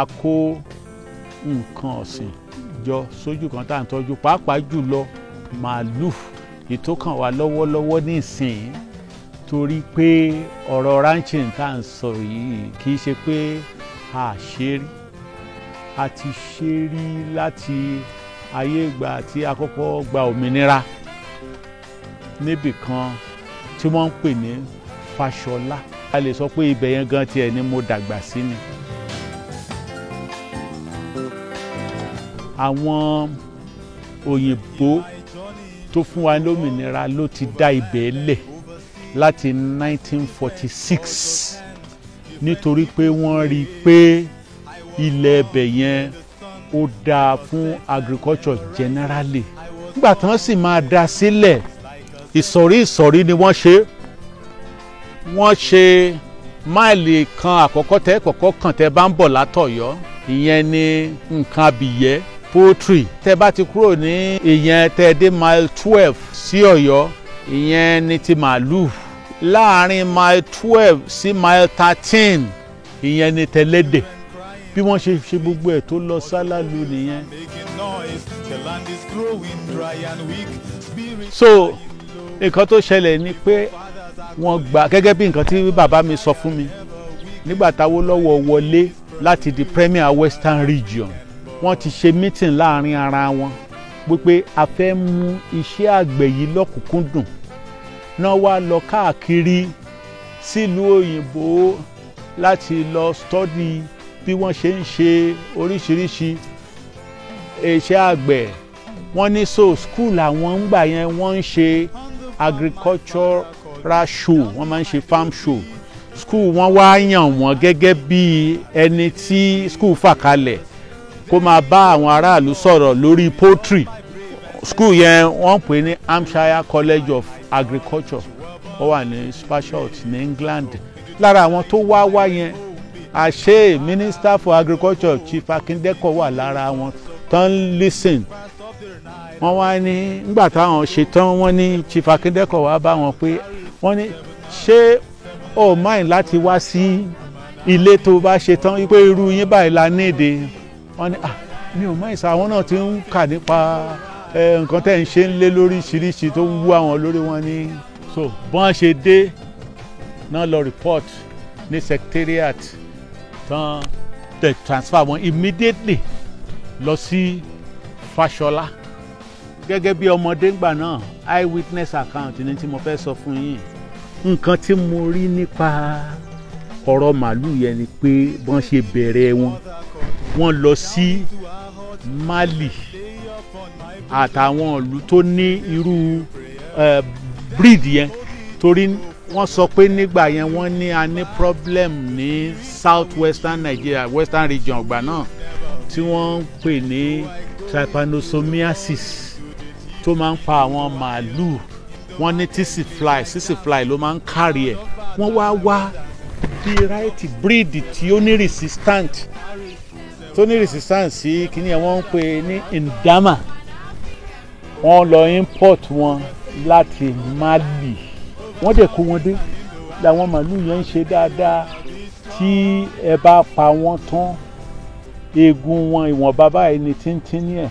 a kó nǹkan ọ̀sìn jọ sójú kan tá à ń tọ́jú pàápàá jùlọ màálù ìtókàn wa lọ́wọ́lọ́wọ́ nísìnyí torí pé ọ̀rọ̀ ranching tá à ń sọ yìí kì í ṣe pé a ṣe rí a ti ṣe rí láti ayé ìgbà tí a kọ́kọ́ gba òmìnira níbìkan tí wọ́n ń pè ní Fáṣọlá a lè sọ pé ibẹ̀ yẹn gan tiẹ̀ ni mo dàgbà sí ni. àwọn òyìnbó tó fún wa lómìnira ló ti dá ibẹ̀ lẹ̀ láti 1946 nítorí pé wọ́n rí i pé ilẹ̀ ẹbẹ̀ yẹn ó dáa fún agriculture generally nígbà tí wọ́n sì máa dá sílẹ̀ ìsọ̀rí ìsọ̀rí ni wọ́n ṣe wọ́n ṣe máìlì kan àkọ́kọ́ tẹ́ kọ̀ọ̀kan tẹ́ bá ń bọ̀ látọ̀yọ́ ìyẹn ni nǹkan abìyẹ́ poultry tẹ́ bá ti kúrò ní ìyẹn tẹ́ dé mile twelve sí Ọ̀yọ́ ìyẹn ní ti màálù láàrin mile twelve sí mile thirteen ìyẹn ní tẹlẹ́dẹ̀ bí wọ́n ṣe ṣe gbogbo ẹ̀ tó lọ sálálù nìyẹn. so nǹkan tó ṣẹlẹ̀ ni pé wọ́n gba gẹ́gẹ́ bí nǹkan tí bàbá mi sọ fún mi nígbà táwọn lọ́wọ́ wọlé láti di premier western region wọ́n ti ṣe meeting láàrin ara wọn wípé a fẹ́ mú iṣẹ́ àgbẹ̀ yìí lọ́kùnkúndùn náà wá lọ káàkiri sílùú òyìnbó láti lọ study bí wọ́n ṣe ń ṣe oríṣiríṣi iṣẹ́ àgbẹ̀ wọ́n ní so school àwọn ń gbà yẹn wọ́n ń ṣe agricultural show wọ́n máa ń ṣe farm show school wọ́n wá yàn wọ́n gẹ́gẹ́ bí ẹni tí school fà kalẹ̀ kó máa bá àwọn aráàlú sọ̀rọ̀ lórí poultry school yẹn wọ́n pè ní Hampshire College of Agriculture ó wà ní Spashot ní England lára àwọn tó wá wá yẹn àṣẹ minister for agriculture Chief Akindeko wà lára wọn tó ń listen wọ́n wá ní nígbà táwọn ṣetán wọ́n ní Chief Akindeko wá bá wọn pé wọ́n ní ṣé o mind láti wá sí ilé tó bá ṣetán wípé irú yín báyìí la nídìí wọ́n ní ah mi ò mọ ìsà àwọn náà ti ń kà nípa nǹkan tẹ́ ń ṣe ń lé lóríṣiríṣi tó ń wú àwọn lórí wọn ní. so bọ́n ṣe dé náà lọ report ní secretariat tán tẹ transfer wọn immediately lọ sí Fáṣọlá gẹ́gẹ́ bí ọmọdé ńgbà náà eye witness account ni tí mo fẹ́ sọ fún yín nǹkan tí mo rí nípa ọ̀rọ̀ màálù yẹn ni pé bọ́n ṣe bẹ̀rẹ̀ wọn wọ́n lọ sí Mali àtàwọn ìlú tó ní irú breed yẹn torí wọ́n sọ pé nígbà yẹn wọ́n ní a ní problem ní south western Nigeria western region ọgbà náà tí wọ́n ń pè ní trypanosomiasis tó máa ń pa àwọn màálùú wọ́n ní tisi fly sisi fly ló máa ń kárí ẹ̀ wọ́n wá wá bí right breed tí ó ní resistant tó ní resistance sí kíní ẹ̀ wọ́n ń pè ní ndama wọ́n lọ import wọn láti Mali wọ́n dẹ̀ kó wọn dé làwọn màálù yẹn ń ṣe dáadáa tí ẹ bá pa wọ́n tán eegun wọn ìwọ̀nba báyìí ni tíntín ní ẹ̀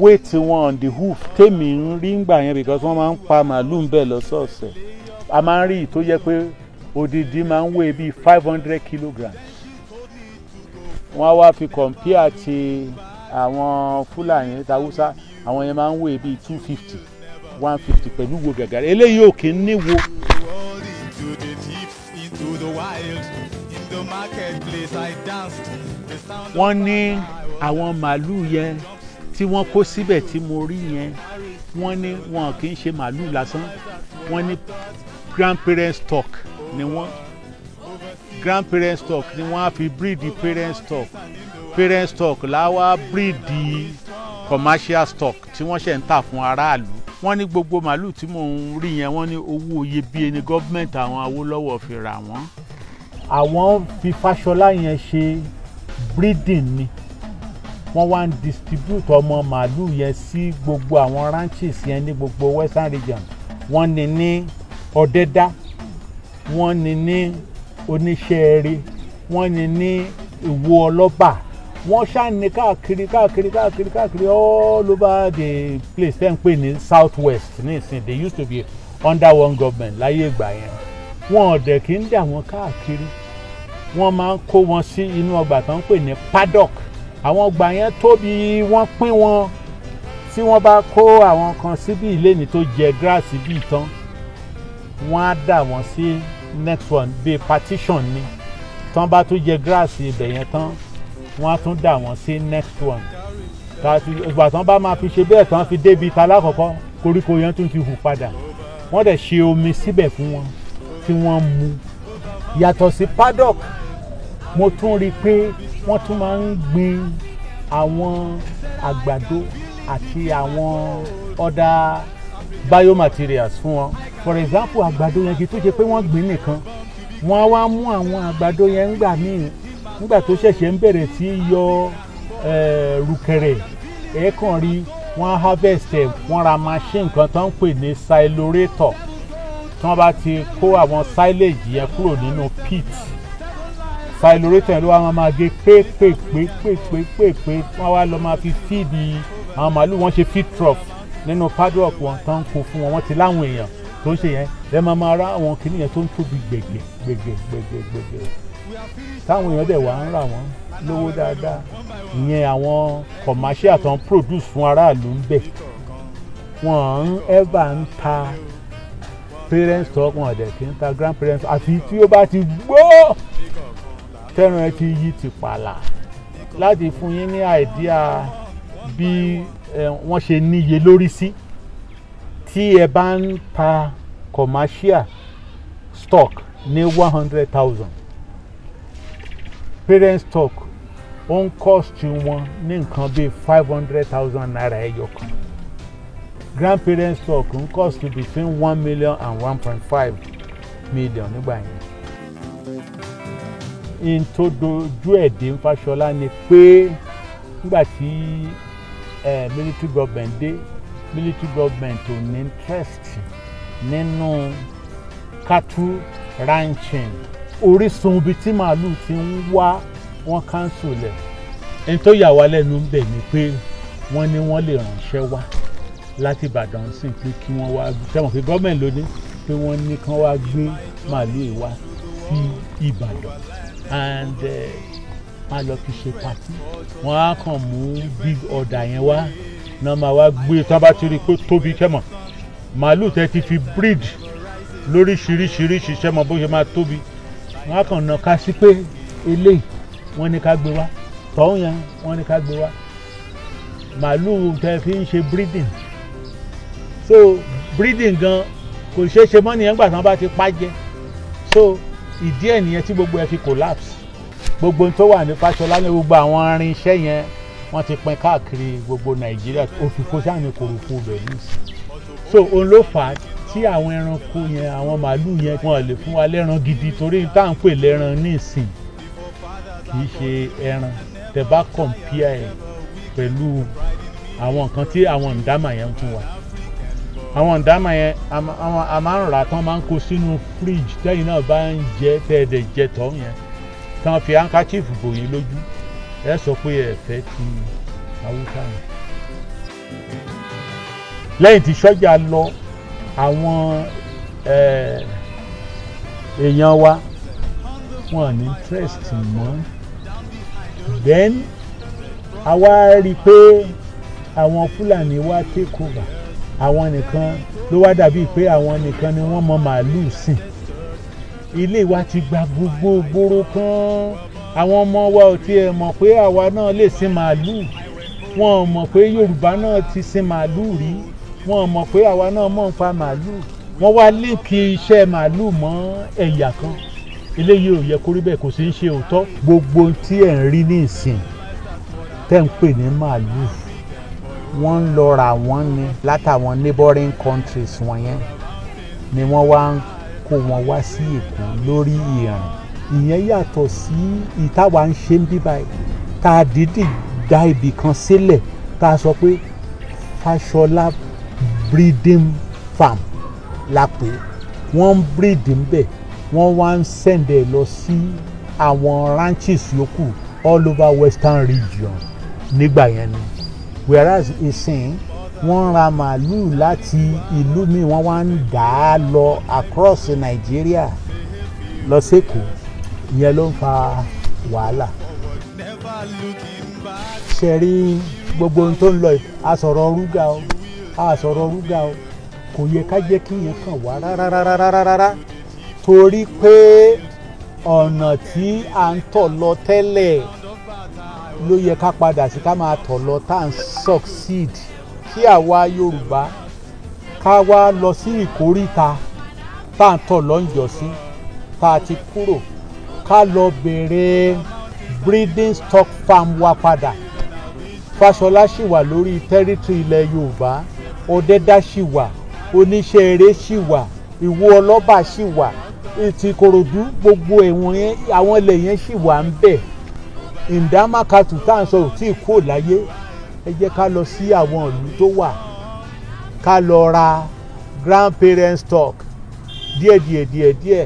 weight wọn on the hoof tèmi ń rí ngbà yẹn because wọ́n máa ń pa màálù ń bẹ̀ lọ́sọ̀ọ̀sẹ̀ a máa ń rí i tó yẹ pé odidi máa ń wé bíi five hundred kilograms wọ́n wá fi kọ̀mpíà ti àwọn fúlàní tàwùsá àwọn yẹn máa ń wé bíi two fifty one fifty pẹ̀lú wo gàgàrà eléyìí ò kí ń wo. wọ́n ní àwọn màálù yẹn tí wọ́n kó síbẹ̀ tí mo rí yẹn wọ́n ní wọn kì í ṣe màálù lásán wọ́n ní grandparents talk ni wọ́n Grandparents stock ni wọ́n á fi breed parent stock Parents stock láwa breed commercial stock tí wọ́n ṣe ń tà fún aráàlú wọ́n ní gbogbo màálù tí mò ń rí yẹn wọ́n ní owó iyebíye ni gọ́ọ̀mẹ̀ntì àwọn Awólọ́wọ̀ fi rà wọ́n. àwọn fi Fáṣọlá yẹn ṣe breeding ni wọ́n wá ń distribute ọmọ màálù yẹn sí gbogbo àwọn ranches yẹn ní gbogbo western region wọ́n ní ní ọ̀dẹ́dá wọ́n ní ní oníṣẹ́ẹ̀rẹ́ wọ́n ní ní ìwo ọlọ́bà wọ́n ṣàní káàkiri káàkiri káàkiri káàkiri all over the place ten pe ní south west nísìn they used to be under one government láyé ìgbà yẹn wọn ò dẹ̀ kí ń dà wọ́n káàkiri wọ́n máa ń kó wọn sí inú ọgbà tó ń pè ní paddock àwọn ọgbà yẹn tóbi wọ́n pín wọn tí wọ́n bá kó àwọn kan síbi ìléni tó jẹ gíráàsì bíi tán wọ́n á dà wọ́n sí next one bíi partition ni tán bá tún jẹ gíráàsì ibẹ̀ yẹn tán wọ́n á tún dà wọ́n sí next one tàbí ìgbà tán bá máa fi ṣe bẹ́ẹ̀ tán fi débi ta lákọ̀ọ́kọ́ koríko yẹn tún ti hù padà wọ́n dẹ̀ ṣe omi síbẹ̀ fún wọn tí wọ́n mu yàtọ̀ sí paddock mo tún rí i pé wọ́n tún máa ń gbin àwọn àgbàdo àti àwọn other biomaterials fún wọn for example àgbàdo yẹn kì í tó ṣe pé wọ́n gbìn nìkan wọ́n á wá mú àwọn àgbàdo yẹn ńgbà míì ńgbà tó ṣẹ̀ṣẹ̀ ń bẹ̀rẹ̀ sí yọ eh, rùkẹ̀rẹ̀ ẹ̀ẹ́kàn rí wọ́n á harvest ẹ̀ wọ́n ra machine kan tó ń pè ní silorator tí wọ́n bá ti kó àwọn silage yẹn kúrò nínú pit silorator ló wá máa máa gé pépépépépépé wọ́n wá lọ máa fi feed àwọn màálù wọ́n ṣe feed trough nínú paddock wọn tó ń kó fún wọn wọ́n ti láwọn èèyàn tó ń ṣe yẹn lẹ máa máa rá àwọn kinní yẹn tó ń tóbi gbẹ̀gbẹ̀ gbẹ̀gbẹ̀ gbẹ̀gbẹ̀ gbẹ̀gbẹ̀ táwọn èèyàn dẹ̀ wá ń rà wọ́n lówó dáadáa ìyẹn àwọn commercial tó produce fún aráàlú ń bẹ̀ wọ́n ń ever ń ta parents talk wọn ọ̀dẹ̀ kì í ta grandparents àfi tí ó bá ti gbó tẹ́ran ẹ ti yí ti pààlà láti fún yín ní àìdíà bí eh, wọ́n ṣe níye lórí sí. Si tí ẹ bá ń ta commercial stock ní one hundred thousand parent stock ó ń cost wọn ní nǹkan bíi five hundred thousand naira ẹyọ kan grandparent stock ń cost between one million and one point five million nígbà yẹn. in tó dojú ẹ̀dín Fáṣọlá ni pé nígbà tí eh, military government dé military government ò ní interest nínú cattle ranching orísun ibi tí màálù ti ń wá wọn cancel ẹ̀ e. ẹni tó yà wá lẹ́nu ń bẹ̀ ni pé wọ́n ní wọ́n lè ránṣẹ́ wá láti Ìbàdàn sí pé kí wọ́n wá sẹ́wọ̀n pé gọ́ọ̀mẹ̀ntì ló ní pé wọ́n ní kán wá gbé màálù e wá sí Ìbàdàn and wọ́n eh, á lọ fi ṣe pàtí wọ́n á kàn mú big order yẹn wá náà máa wá gbé tán bá ti rí i pé tóbi kẹ́mọ̀ màálù tẹ́ ti fi breed lóríṣiríṣiríṣi sẹ́mọ̀ bó ṣe máa tóbi wọ́n á kàn nà ká sí pé eléyìí wọ́n ní ká gbé wá tọ́hún yẹn wọ́n ní ká gbé wá màálù tẹ́ fi ń ṣe breeding so breeding gan kò ṣeé ṣe mọ́ nìyẹn gbà tán bá ti pa jẹ so ìdí ẹ̀ nìyẹn tí gbogbo ẹ̀ fi collapse gbogbo tó wà ní Fáṣọlá ní gbogbo àwọn irinṣẹ́ yẹn wọ́n ti pín káàkiri gbogbo nàìjíríà òfìfo sáàmì kòròfo bẹ̀ yìí so òun ló fà á tí àwọn ẹranko yẹn àwọn màálù yẹn wọ́n lè fún wa lẹ́ran gidi torí tá à ń pè lẹ́ran nísìn kì í ṣe ẹran tẹ́ bá kọ̀m̀pìà ẹ̀ pẹ̀lú àwọn nǹkan tí àwọn ǹdámà yẹn ń fún wa àwọn ǹdámà yẹn a máa ń rà tán máa ń kó sínú fíríjì tẹ́yìn náà bá ń jẹ tẹ́ẹ̀dẹ̀ jẹ tọ́ yẹn tán fi hankachief bò lójú ẹ sọ pé ẹ fẹ́ ti haúsá yẹn. lẹ́yìn tí sọ́jà lọ àwọn èèyàn wa wọn ní interest mọ́ then a wá rí i pé àwọn fúlàní wá take over àwọn nìkan ló wá dàbí pé àwọn nìkan ni wọ́n mọ màálùú sìn ilé wa ti gba gbogbo gbòòrò kan àwọn ọmọ wa ò tiẹ̀ mọ̀ pé àwa náà lè sin màálù wọn ò mọ̀ pé Yorùbá náà ti sin màálù rí wọn ò mọ̀ pé àwa náà mọ̀ ń pa màálù wọn wá líǹkì iṣẹ́ màálù mọ́ ẹ̀yà kan eléyìí ò yẹ kó rí bẹ́ẹ̀ kò sì ń ṣe òótọ́ gbogbo tí ẹ̀ ń rí ní ìsìn tẹ́ ń pè ní màálù wọ́n ń lọ ra wọ́n ni látàwọn neighboring countries wọ̀nyẹn ni wọ́n wá ń kó wọn wá sí Èkó lórí ìrìn ìyẹn yàtọ̀ sí ìtawà ń ṣe ń bí báyìí tá a dídì dá ibì kan sílẹ̀ tá a sọ pé Fáṣọlá breeding farm la pè wọ́n ń breed ń bẹ̀ wọ́n wá ń sẹ̀ndẹ̀ lọ sí àwọn ranches yòókù all over western region nígbà yẹn ni whereas ìsìn wọ́n ra màálùú láti ìlú mi wọ́n wá ń dà á lọ across Nigeria lọ sí Èkó ìyẹn ló ń fa wàhálà ṣe rí gbogbo ohun tó ń lọ yìí a sọ̀rọ̀ rúgà o a sọ̀rọ̀ rúgà o kò yẹ ká jẹ́ kí yẹn kàn wá rárárárárá torí pé ọ̀nà tí a ń tọ̀ lọ tẹ́lẹ̀ ló yẹ ká padà sí ká máa tọ̀ lọ tá à ń succeed kí àwa Yorùbá ká wá lọ sí ìkóríta tá à ń tọ̀ lọ́njọ́ tá a ti kúrò ká lọ bèrè breeding stock farm wa padà Fáṣọlá ṣì wà lórí tẹ́rítírì ilẹ̀ Yorùbá ọ̀dẹ́dá ṣì wà oníṣẹ́ eré ṣì wà ìwó ọlọ́ba ṣì wà ètò ìkòròdú gbogbo ẹ̀wọ̀n yẹn àwọn ilẹ̀ yẹn ṣì wà ń bẹ̀ ìdámákatù tá à ń sọ ò tí ì kó láyé ẹ jẹ́ ká lọ sí àwọn ìlú tó wà ká lọ ra grandparent stock díẹ̀díẹ̀díẹ̀díẹ̀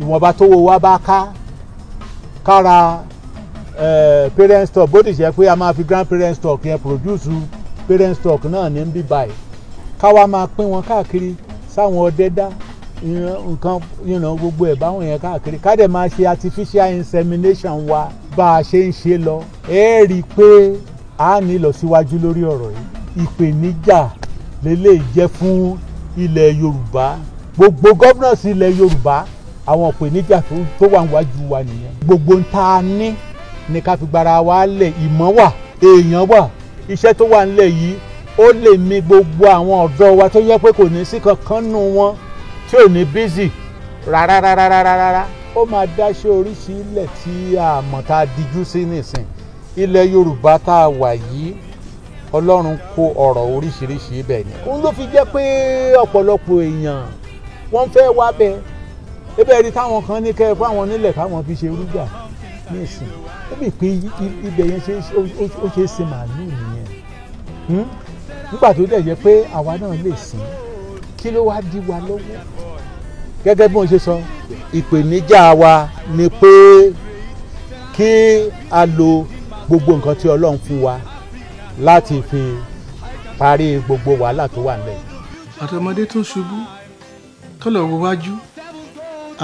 ìwọ̀nba tó wo wá bá ká kára parent stock bó ti ṣe pé a máa fi grand parent stock yẹn produce parent stock náà ní bí báyìí káwa máa pín wọn káàkiri sáwọn ọdẹ dá nǹkan gbogbo ẹ̀ báwọn yẹn káàkiri ká dẹ̀ máa ṣe artificial insemination wa bá a ṣe ń ṣe lọ ẹ rí i pé a ní ìlọsíwájú lórí ọ̀rọ̀ yìí ìpèníjà lélẹ́yìí jẹ́ fún ilẹ̀ Yorùbá gbogbo gọ́fúnọ̀sì ilẹ̀ Yorùbá àwọn ìpèníjà tó wà níwájú wa nìyẹn gbogbo ń ta ní ni ká fi gbára wa lẹ̀ ìmọ̀ wà èèyàn wà iṣẹ́ tó wà nílẹ̀ yìí ó lè mi gbogbo àwọn ọ̀dọ́ wa tó yẹ pé kò ní sí kankan nù wọn tí ò ní bízì rárárárárárá ó máa dáṣẹ́ oríṣi ilẹ̀ tí a mọ̀ tá sí nìsín ilẹ̀ Yorùbá tá a wà yìí Ọlọ́run kó ọ̀rọ̀ oríṣiríṣi ibẹ̀ ni. òun ló fi jẹ́ pé ọ̀pọ̀lọpọ̀ èèyàn wọ́n fẹ́ wá bẹ́ẹ̀ ebe ẹni táwọn kan ní kẹ́ fáwọn nílẹ̀ káwọn fi ṣe rúgbà ní ìsìn ó bì pé ibẹ̀ yẹn ó ṣe é ṣe màálù nìyẹn hmm? nígbà tó dẹ̀ jẹ́ pé àwa náà lè sìn kí ló wá dí wa lọ́wọ́ gẹ́gẹ́ bí wọ́n ṣe sọ ìpèníjà wa ni pé kí a lo gbogbo nǹkan tí Ọlọ́run fún wa láti fi parí gbogbo wàhálà tó wà nílẹ̀. àtọmọdé tó ṣubú tọ́lọ̀ wọ wájú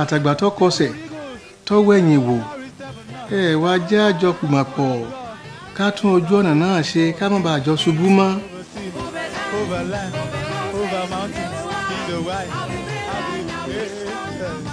àtàgbà tó kọsẹ̀ tọ́wọ́ ẹ̀yìn wò ẹ wá jẹ́ àjọpìmọ̀ pọ̀ ká tún ojú ọ̀nà náà ṣe ká má bàa jọ ṣubú mọ́. Over over mountains, in the wild, I'll be there.